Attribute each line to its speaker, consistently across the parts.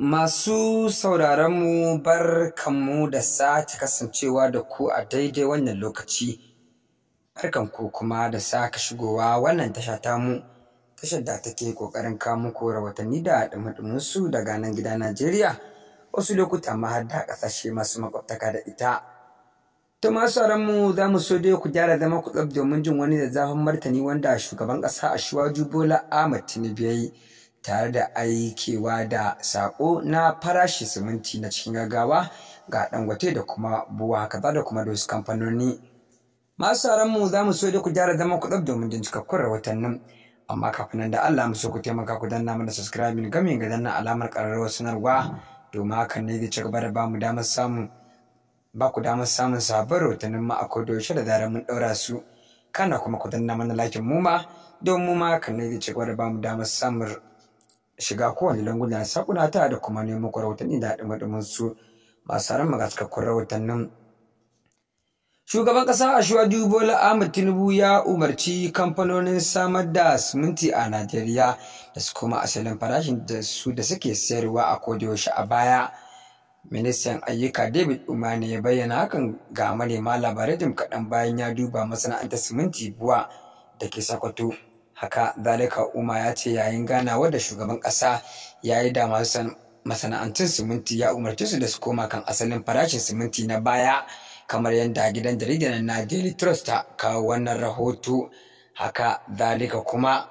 Speaker 1: Masu sauraronmu bar kanmu da sake kasancewa da ku a daidai wannan lokaci, ku kuma da sake shigowa wannan tasha tamu, tashar da take ƙoƙarin kamu ko rahotanni da ɗumuɗuminsu daga nan gida Najeriya, wasu lokuta ma har da ƙasashe masu makwabtaka da ita. To masu mu za mu so dai ku gyara zama ku tsaf domin jin wani da zafin martani wanda shugaban ƙasa a Bola Ahmed Tinubu ya yi tare da aikewa da sako na farashi siminti na cikin gaggawa ga dangote da kuma buwa kaza da kuma dosu kamfanoni masu sauran mu za mu so da ku gyara zama ku ɗab domin jin cikakkun rahotannin amma kafin nan da Allah mu so ku taimaka ku danna mana subscribing game ga danna alamar ƙararrawar sanarwa domin hakan ne zai ci da bamu damar samun ba ku damar samun sabon rahotannin ma a yaushe da zarar mun ɗaura su kana kuma ku danna mana lakin mu ma don mu ma hakan ne zai ci gaba da bamu damar samun shiga kowane lunguna sakuna ta da kuma kwarar rahotanni da haɗin su masu haram ga cikakkun rahotannin shugaban ƙasa ashwadu bola ahmed tinubu ya umarci kamfanonin samar da siminti a najeriya da su kuma asalin farashin da su da suke sayarwa a kodayaushe a baya ministan ayyuka david umar ya bayyana hakan ga manema labarai jim kaɗan bayan ya duba masana'antar siminti buwa da ke sakwato haka zalika umma ya ce yayin ganawa da shugaban ƙasa ya yi da masana'antun siminti ya umarci su da su koma kan asalin farashin siminti na baya kamar yadda gidan jaridar na daily trust ta kawo wannan rahoto haka zalika kuma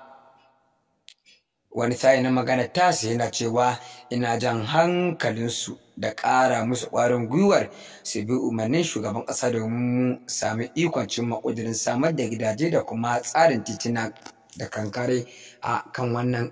Speaker 1: wani sa'i na magana tasi yana cewa ina jan hankalinsu da ƙara musu ƙwarin gwiwar su bi umarnin shugaban ƙasa domin mu sami ikon cimma ƙudurin samar da gidaje da kuma tsarin titina da kankare a kan wannan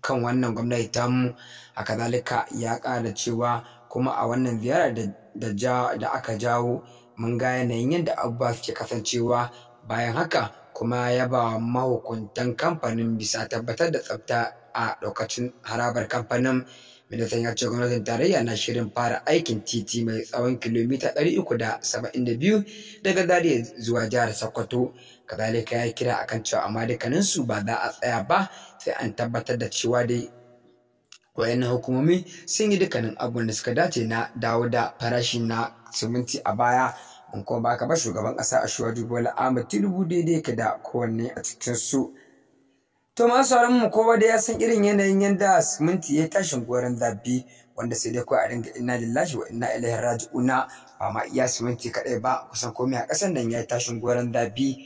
Speaker 1: kan wannan gwamnati tamu a kazalika ya ƙara cewa kuma a wannan ziyara da, da aka jawo mun ga yanayin yadda abubuwa suke kasancewa bayan haka kuma ya ba mahukuntan kamfanin bisa tabbatar da tsafta a lokacin harabar kamfanin ministan ya ce gwamnatin tarayya na shirin fara aikin titi mai tsawon kilomita 372 daga dare zuwa jihar Sokoto kazalika ya kira akan cewa amma dukkaninsu ba za a tsaya ba sai an tabbatar da cewa dai wayannan hukumomi sun yi dukkanin abubuwan da suka dace na dawo da farashi na siminti a baya in kuma ba ka ba shugaban ƙasa a shuwa dubu wala Ahmad Tinubu daidai ka da kowanne a cikin su To masu mu kowa da ya san irin yanayin yanda siminti ya tashin goran zabi wanda sai dai kawai a dinga inna lillahi wa inna ilaihi raji'una ba ma iya siminti kaɗai ba kusan komai a kasan nan ya tashin goran zabi.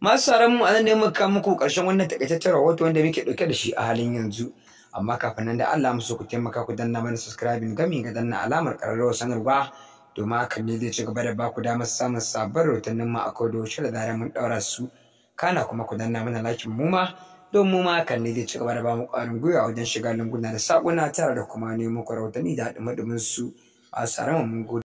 Speaker 1: Masu mu anan ne muka muku karshen wannan takaitaccen rahoto wanda muke ɗauke da shi a halin yanzu. Amma kafin nan da Allah musu ku taimaka ku danna mana subscribing gami ga danna alamar ƙararrawar sanarwa domin hakan ne zai ci gaba da baku ku damar samun sabbin rahotannin mu a kodayaushe da zarar mun daura su. Kana kuma ku danna mana lakin mu ma don mu ma ne zai ci gaba da bamu ƙwarin gwiwa wajen shiga lunguna da saƙuna tare da kuma nemo kwarautani da haɗin maɗumin su a tsaron mun